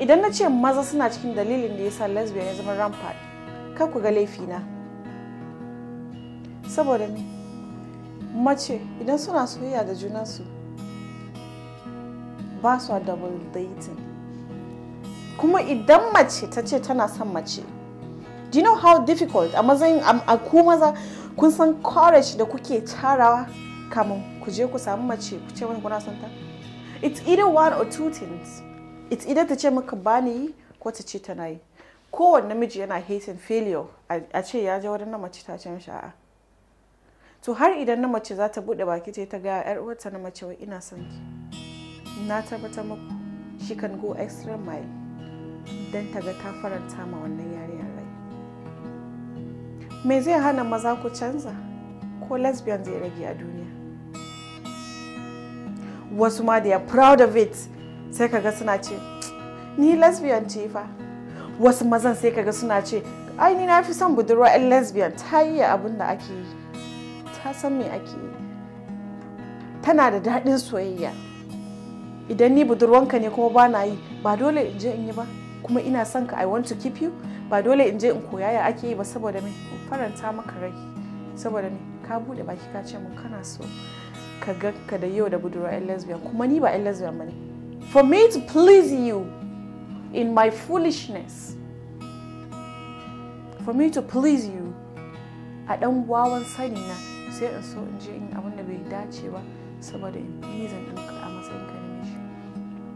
idan na ce maza suna cikin dalilin da ya sa lesbian ya zama rampart kar ku ga laifina saboda ni mace idan suna soyayya da junansu ba su double dating kuma idan mace ta ce tana son mace do you know how difficult a mazayin a ku maza kun san courage da kuke tarawa kamun ku je ku samu mace ku ce wani kuna son ta it's either one or two things it's either ta ce maka bani yi ko ta ce tana yi kowane namiji yana hating failure a ce ya je wadannan mace ta ce mishi a to har idan na mace za ta bude baki yi ta ga yar uwarta na mace wai ina son ki na tabbatar maku she can go extra mile dan ta ga ta faranta ma wannan yarinyar rai me zai hana maza ku canza ko lesbian zai rage a duniya wasu ma da ya proud of it sai kaga suna ce ni lesbian ce fa wasu mazan sai kaga suna ce ai ni na fi son budurwa 'yan lesbian ta yi abin da ake yi ta san me ake yi tana da daɗin soyayya idan ni budurwanka ne kuma ba na yi ba dole in je in yi ba kuma ina son ka i want to keep you ba dole in je in koya ya ake yi ba saboda me faranta maka rai saboda me ka bude baki ka ce mun kana so ka ga ka da yau da budurwa 'yan lesbian kuma ni ba 'yan lesbian ba ne for me to please you in my foolishness, for me to please you a ɗan wawan sani na Say, in so in je in abin da bai dace ba saboda in please in ɗinka a matsayin ka